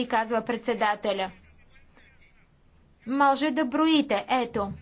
ни казва председателя. Може да броите. Ето.